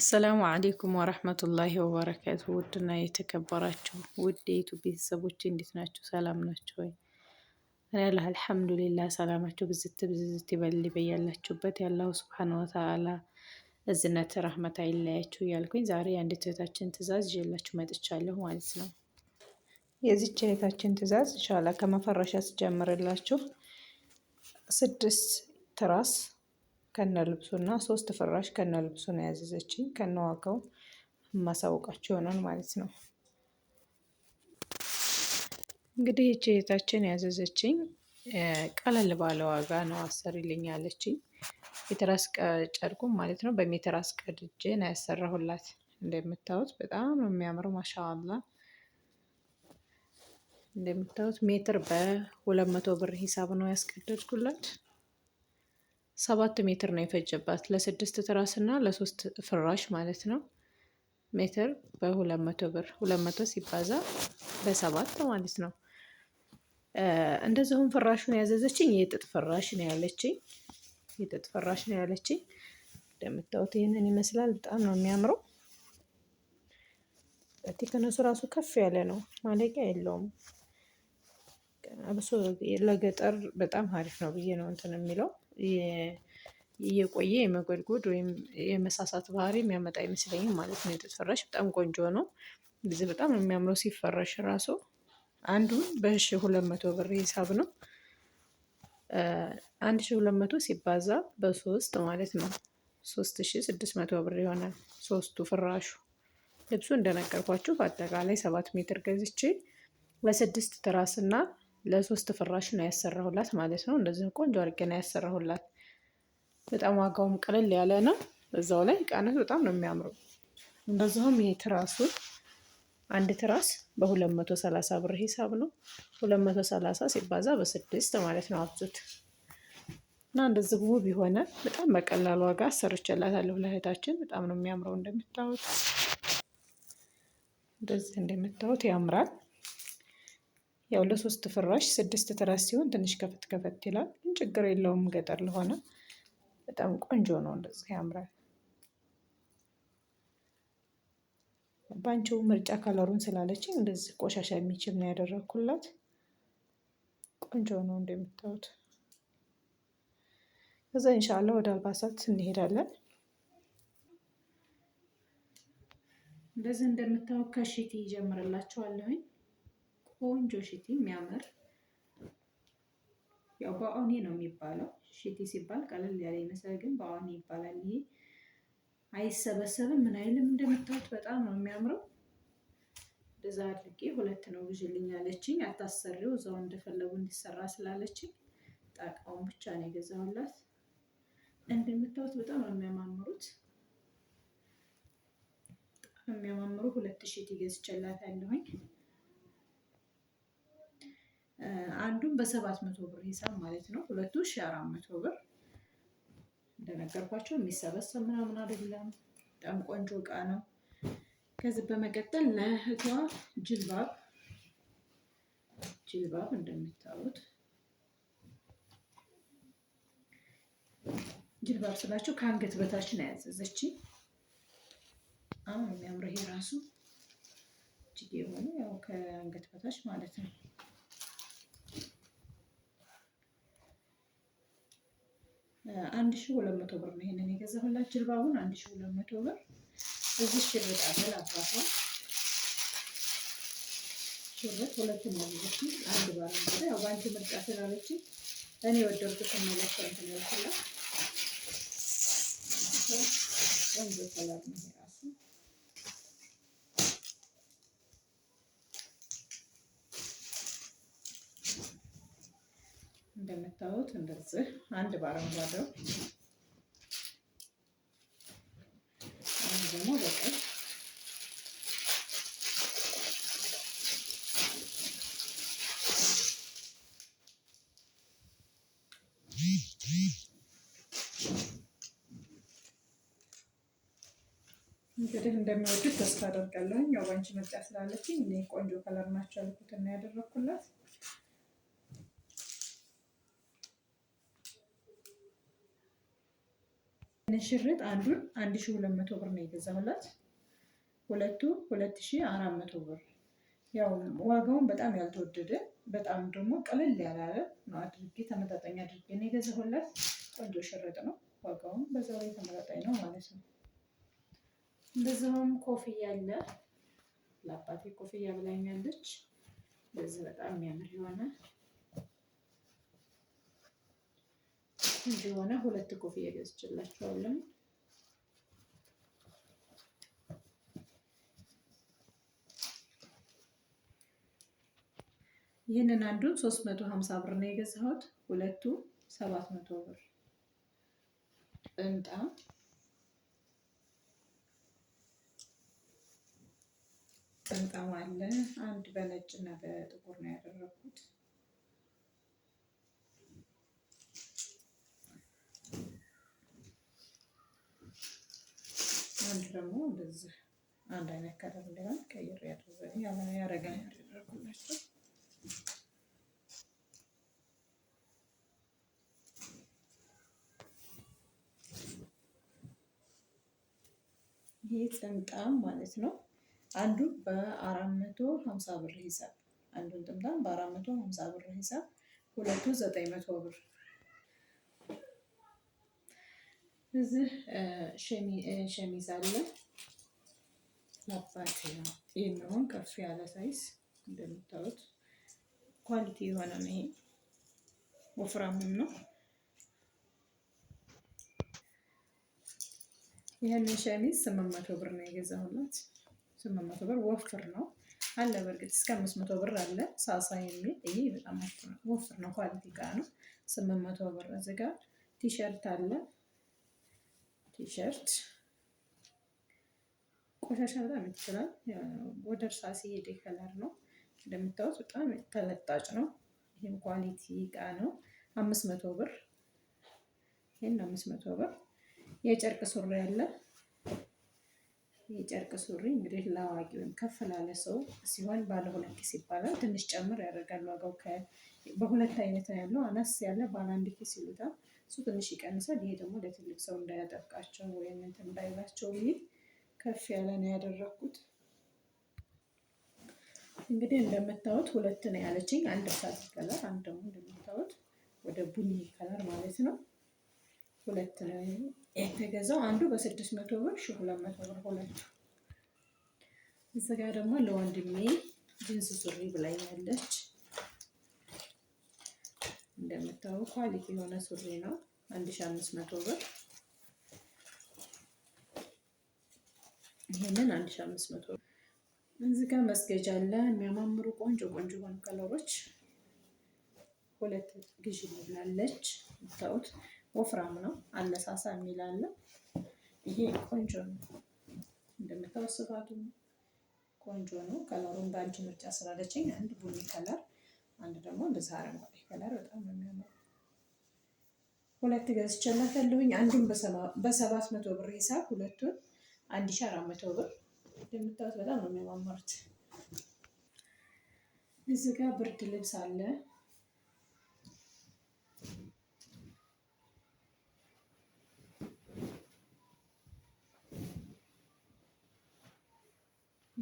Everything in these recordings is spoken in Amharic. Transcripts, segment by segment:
አሰላሙ አሌይኩም ወረህመቱላሂ ወበረካቱ። ውድና የተከበራችሁ ውድ የቱ ቤተሰቦች እንዴት ናችሁ? ሰላም ናቸው ወይ? እኔ አላህ አልሐምዱሊላህ። ሰላማችሁ ብዝት ብዝት ይበል በያላችሁበት። ያላሁ ስብሓን ወተዓላ እዝነት ረህመት አይለያችሁ እያልኩኝ ዛሬ የአንድ እህታችን ትእዛዝ ይዤላችሁ መጥቻለሁ ማለት ነው። የዚች እህታችን ትእዛዝ ኢንሻላህ ከመፈረሻ ስጀምርላችሁ ስድስት ትራስ ከነ ልብሱ እና ሶስት ፍራሽ ከነ ልብሱ ነው ያዘዘችኝ። ከነ ዋጋው የማሳውቃችሁ ይሆናል ማለት ነው። እንግዲህ ይቺ እህታችን ያዘዘችኝ ቀለል ባለ ዋጋ ነው አሰሪልኝ ያለችኝ። የትራስ ጨርቁ ማለት ነው በሜትር አስቀድጄ ነው ያሰራሁላት። እንደምታዩት በጣም የሚያምር ማሻአላ እንደምታዩት ሜትር በሁለት መቶ ብር ሂሳብ ነው ያስቀደድኩላት። ሰባት ሜትር ነው የፈጀባት ለስድስት ትራስ እና ለሶስት ፍራሽ ማለት ነው። ሜትር በሁለት መቶ ብር ሁለት መቶ ሲባዛ በሰባት ማለት ነው። እንደዚሁም ፍራሹን ያዘዘችኝ የጥጥ ፍራሽ ነው ያለችኝ። የጥጥ ፍራሽ ነው ያለችኝ። እንደምታዩት ይህንን ይመስላል። በጣም ነው የሚያምረው። ቴክነሱ ራሱ ከፍ ያለ ነው፣ ማለቂያ የለውም። አብሶ ለገጠር በጣም አሪፍ ነው ብዬ ነው እንትን የሚለው እየቆየ የመጎድጎድ ወይም የመሳሳት ባህሪ የሚያመጣ አይመስለኝም ማለት ነው። የጥጥ ፍራሽ በጣም ቆንጆ ነው። እንደዚህ በጣም የሚያምረው ሲፈረሽ ራሱ አንዱን በሺ ሁለት መቶ ብር ሂሳብ ነው። አንድ ሺ ሁለት መቶ ሲባዛ በሶስት ማለት ነው ሶስት ሺ ስድስት መቶ ብር ይሆናል ሶስቱ ፍራሹ። ልብሱ እንደነገርኳችሁ በአጠቃላይ ሰባት ሜትር ገዝቼ ለስድስት ትራስና ለሶስት ፍራሽ ነው ያሰራሁላት ማለት ነው። እንደዚህ ቆንጆ አድርጌ ነው ያሰራሁላት። በጣም ዋጋውም ቀለል ያለ ነው። እዛው ላይ ቃነት በጣም ነው የሚያምረው። እንደዚሁም ይሄ ትራሱ አንድ ትራስ በ230 ብር ሂሳብ ነው። 230 ሲባዛ በስድስት ማለት ነው አብዙት እና እንደዚህ ውብ የሆነ በጣም በቀላል ዋጋ አሰርቼላታለሁ ለእህታችን። በጣም ነው የሚያምረው እንደምታዩት፣ እንደዚህ እንደምታዩት ያምራል። ያው ለሶስት ፍራሽ ስድስት ትራስ ሲሆን ትንሽ ከፈት ከፈት ይላል፣ ግን ችግር የለውም። ገጠር ለሆነ በጣም ቆንጆ ነው። እንደዚህ ያምራል። ባንቺው ምርጫ ከለሩን ስላለችኝ እንደዚህ ቆሻሻ የሚችል ነው ያደረግኩላት። ቆንጆ ነው እንደምታዩት። ከዛ እንሻላ ወደ አልባሳት እንሄዳለን። እንደዚህ እንደምታዩት ከሺቲ ይጀምርላችኋለሁኝ ቆንጆ ሽቲ የሚያምር ያው በአኒ ነው የሚባለው። ሽቲ ሲባል ቀለል ያለ ይመስላል፣ ግን በአኒ ይባላል። ይሄ አይሰበሰብም ምን አይልም። እንደምታዩት በጣም ነው የሚያምረው። እንደዛ አድርጌ ሁለት ነው ግዥልኝ ያለችኝ። አታሰሪው እዛው እንደፈለጉ እንዲሰራ ስላለችኝ ጣቃውን ብቻ ነው የገዛሁላት። እንደምታዩት በጣም ነው የሚያማምሩት። የሚያማምሩ ሁለት ሽቲ ገዝቼላት ያለሁኝ አንዱን በሰባት መቶ ብር ሂሳብ ማለት ነው። ሁለቱ ሺ አራት መቶ ብር እንደነገርኳቸው የሚሰበሰብ ምናምን አይደለም። በጣም ቆንጆ እቃ ነው። ከዚህ በመቀጠል ለእህቷ ጅልባብ ጅልባብ እንደምታዩት ጅልባብ ስላቸው ከአንገት በታች ነው ያዘዘች። አሁን የሚያምረው ይሄ ራሱ እጅጌ የሆነ ያው ከአንገት በታች ማለት ነው። አንድ ሺ ሁለት መቶ ብር ነው ይሄንን የገዛሁላት ጅልባቡን አንድ ሺ ሁለት መቶ ብር። እዚህ ሽርጥ አለ ለአባቷ ሽርጥ ሁለት ያለች አንድ ባር ነበረ። ያው በአንቺ ምርጫ ስላለች እኔ ወደድኩት መለሰ ንትንልችላ ቆንጆ ሰላት ነው። ሰውት እንደዚህ አንድ በአረንጓዴው ደግሞ በቀይ እንግዲህ እንደሚወዱት ተስፋ አደርጋለሁኝ። ያው ባንቺ ምርጫ ስላለችኝ እኔ ቆንጆ ከለር ናቸው ያልኩት እና ያደረኩላት ሽርጥ አንዱን አንድ ሺ ሁለት መቶ ብር ነው የገዛሁላት። ሁለቱ ሁለት ሺ አራት መቶ ብር ያው ዋጋውን በጣም ያልተወደደ በጣም ደግሞ ቀለል ያላለ ነው አድርጌ ተመጣጣኝ አድርጌ ነው የገዛሁላት። ቆንጆ ሽርጥ ነው። ዋጋውን በዛው ላይ ተመጣጣኝ ነው ማለት ነው። እንደዚሁም ኮፍያ አለ። ለአባቴ ኮፍያ ብላኛለች። በዚህ በጣም የሚያምር የሆነ ቆንጆ ሁለት ኮፍያ ገዝቼላችኋለሁ። ይህንን አንዱን 350 ብር ነው የገዛሁት። ሁለቱ 700 ብር እንጣ ጥምጣም አለ። አንድ በነጭ እና በጥቁር ነው ያደረኩት። እንደዚህ አንድ አይነት ከለር እንዲሆን ቀይር ያደረገ ያደረጉላቸው ይህ ጥምጣም ማለት ነው። አንዱ በአራት መቶ ሀምሳ ብር ሂሳብ አንዱን ጥምጣም በአራት መቶ ሀምሳ ብር ሂሳብ ሁለቱ ዘጠኝ መቶ ብር እዚህ ሸሚዝ አለ። መባት ነው። ከፍ ያለ ሳይዝ እንደምታዩት ኳሊቲ የሆነ ነው። ይሄ ወፍራምም ነው። ይህንን ሸሚዝ ስምንት መቶ ብር ነው የገዛሁላት። ስምንት መቶ ብር ወፍር ነው አለ። በእርግጥ እስከ አምስት መቶ ብር አለ ሳሳ የሚል ይሄ በጣም ወፍር ነው። ኳሊቲ ነው። ስምንት መቶ ብር እዚህ ቲሸርት አለ ቲሸርት ቆሻሻ በጣም ይችላል። ወደ እርሳ ሲሄድ ከለር ነው እንደምታዩት በጣም ተለጣጭ ነው። ይህም ኳሊቲ እቃ ነው። አምስት መቶ ብር ይህን አምስት መቶ ብር የጨርቅ ሱሪ አለ። የጨርቅ ሱሪ እንግዲህ ለአዋቂ ወይም ከፍ ላለ ሰው ሲሆን ባለ ሁለት ኪስ ይባላል። ትንሽ ጨምር ያደርጋል ዋጋው። በሁለት አይነት ነው ያለው። አነስ ያለ ባለ አንድ ኪስ ይሉታል። እሱ ትንሽ ይቀንሳል። ይሄ ደግሞ ለትልቅ ሰው እንዳያጠብቃቸው ወይም እንትን እንዳይላቸው ከፍ ያለ ነው ያደረኩት። እንግዲህ እንደምታዩት ሁለት ነው ያለችኝ። አንድ ሳት ከለር፣ አንድ ደግሞ እንደምታዩት ወደ ቡኒ ከለር ማለት ነው። ሁለት ነው የተገዛው። አንዱ በስድስት መቶ ብር ሺ ሁለት መቶ ብር ሁለቱ። እዚህ ጋር ደግሞ ለወንድሜ ጅንስ ሱሪ ያለች እንደምታዩ ኳሊቲ የሆነ ሱሪ ነው። አንድ ሺ አምስት መቶ ብር ይህንን አንድ ሺ አምስት መቶ እዚህ ጋር መስገጃ አለ። የሚያማምሩ ቆንጆ ቆንጆ ሆኑ ከለሮች ሁለት ግዢ ብላለች። ታውት ወፍራም ነው አነሳሳ የሚላለ ይሄ ቆንጆ ነው እንደምታው ስፋቱ ቆንጆ ነው። ከለሩን በአንቺ ምርጫ ስላለችኝ አንድ ቡኒ ከለር፣ አንድ ደግሞ ብዛ አረንጓዴ ከለር በጣም ነው የሚያምረው። ሁለት ገዝቼላታለሁኝ። አንዱን በሰባት መቶ ብር ሂሳብ ሁለቱን አንድ ሺህ አራት መቶ ብር እንደምታዩት በጣም ነው የሚያማምሩት። እዚህ ጋር ብርድ ልብስ አለ።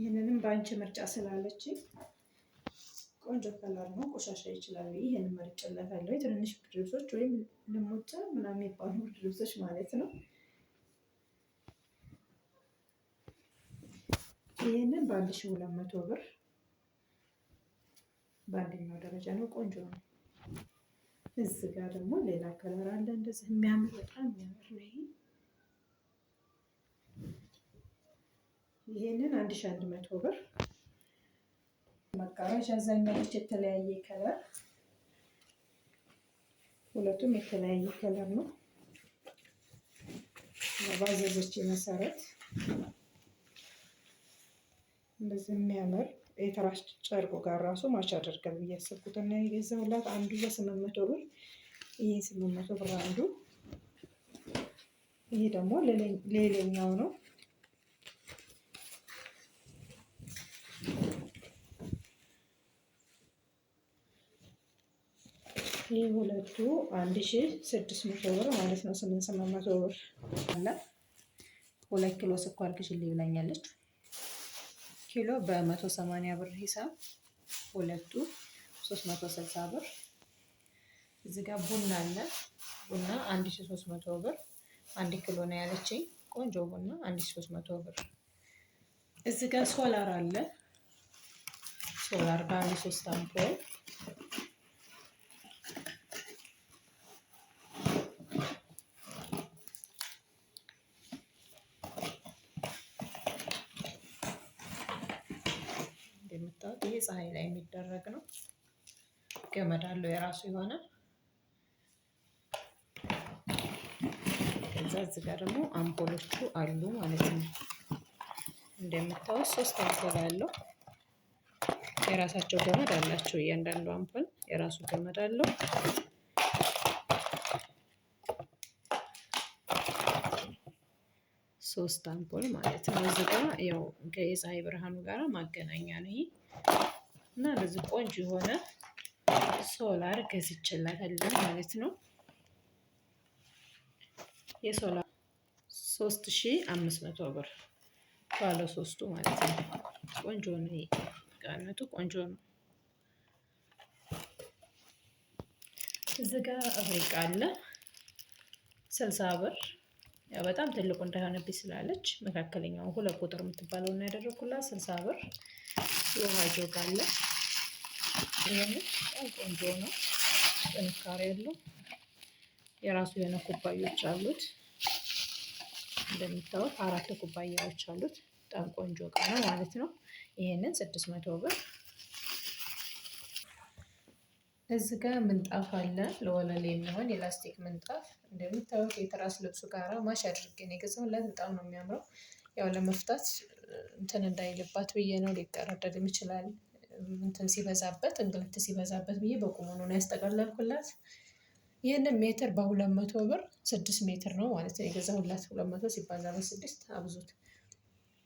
ይህንንም በአንቺ ምርጫ ስላለች ቆንጆ ከለር ነው። ቆሻሻ ይችላል። ይህን መርጭለታለሁ። ትንንሽ ብርድ ልብሶች ወይም ልሞጫ ምናምን የሚባሉ ብርድ ልብሶች ማለት ነው። ይህንን በአንድ ሺ ሁለት መቶ ብር በአንደኛው ደረጃ ነው። ቆንጆ ነው። እዚህ ጋር ደግሞ ሌላ ከለር አለ እንደዚህ የሚያምር በጣም የሚያምር ነው። ይሄንን አንድ አንድ መቶ ብር መጋረጃ አብዛኛዎች የተለያየ ከለር ሁለቱም የተለያየ ከለር ነው ባዘዞች መሰረት እንደዚህ የሚያምር የትራስ ጨርቁ ጋር ራሱ ማች አደርጋል ብዬ አሰብኩት እና የገዛሁላት አንዱ በስምንት መቶ ብር ስምንት መቶ ብር አንዱ፣ ይህ ደግሞ ሌላኛው ነው። ይህ ሁለቱ አንድ ሺ ስድስት መቶ ብር ማለት ነው። ስምንት ስምንት መቶ ብር አለ። ሁለት ኪሎ ስኳር ግሽል ይብላኛለች ኪሎ በ180 ብር ሂሳብ ሁለቱ 360 ብር። እዚህ ጋር ቡና አለ። ቡና 1300 ብር አንድ ኪሎ ነው ያለችኝ። ቆንጆ ቡና 1300 ብር። እዚህ ጋር ሶላር አለ። ሶላር በ3 አምፖል እንደምታዩት ይሄ ፀሐይ ላይ የሚደረግ ነው። ገመድ አለው የራሱ የሆነ ከዛ እዚህ ጋር ደግሞ አምፖሎቹ አሉ ማለት ነው። እንደምታዩት ሶስት አምፖል አለው። የራሳቸው ገመድ አላቸው። እያንዳንዱ አምፖል የራሱ ገመድ አለው። ሶስት አምፖል ማለት ነው። እዚህ ጋር ያው ከፀሐይ ብርሃኑ ጋር ማገናኛ ነው ይሄ እና እንደዚህ ቆንጆ የሆነ ሶላር ገዝቼላታለሁ ማለት ነው። የሶላር ሶስት ሺ አምስት መቶ ብር ባለ ሶስቱ ማለት ነው። ቆንጆ ነው። ቃነቱ ቆንጆ ነው። እዚህ ጋ እብሪቅ አለ ስልሳ ብር ያው በጣም ትልቁ እንዳይሆንብኝ ስላለች መካከለኛውን ሁለት ቁጥር የምትባለውን ያደረኩላት ስልሳ ብር። የውሃ ጆግ አለ ይሄንን በጣም ቆንጆ ነው። ጥንካሬ ያለው የራሱ የሆነ ኩባዮች አሉት። እንደሚታወቅ አራት ኩባያዎች አሉት። በጣም ቆንጆ እቃ ነው ማለት ነው። ይሄንን ስድስት መቶ ብር። እዚህ ጋር ምንጣፍ አለ ለወለል የሚሆን የላስቲክ ምንጣፍ። እንደሚታወቅ የትራስ ልብሱ ጋራ ማሽ አድርጌ ነው በጣም ነው የሚያምረው። ያው ለመፍታት እንትን እንዳይልባት ብዬ ነው። ሊቀረደድም ይችላል እንትን ሲበዛበት እንግልት ሲበዛበት ብዬ በቁሙ ነው ያስጠቀለልኩላት። ይህንን ሜትር በሁለት መቶ ብር ስድስት ሜትር ነው ማለት ነው የገዛሁላት። ሁለት መቶ ሲባዛ በስድስት አብዙት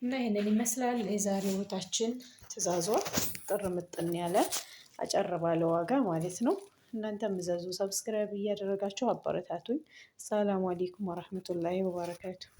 እና ይህንን ይመስላል የዛሬ ውታችን። ትእዛዟ ጥር ምጥን ያለ አጨር ባለ ዋጋ ማለት ነው። እናንተ ምዘዙ፣ ሰብስክራይብ እያደረጋችሁ አበረታቱኝ። ሰላም አሌይኩም ወረህመቱላሂ ወበረካቱሁ።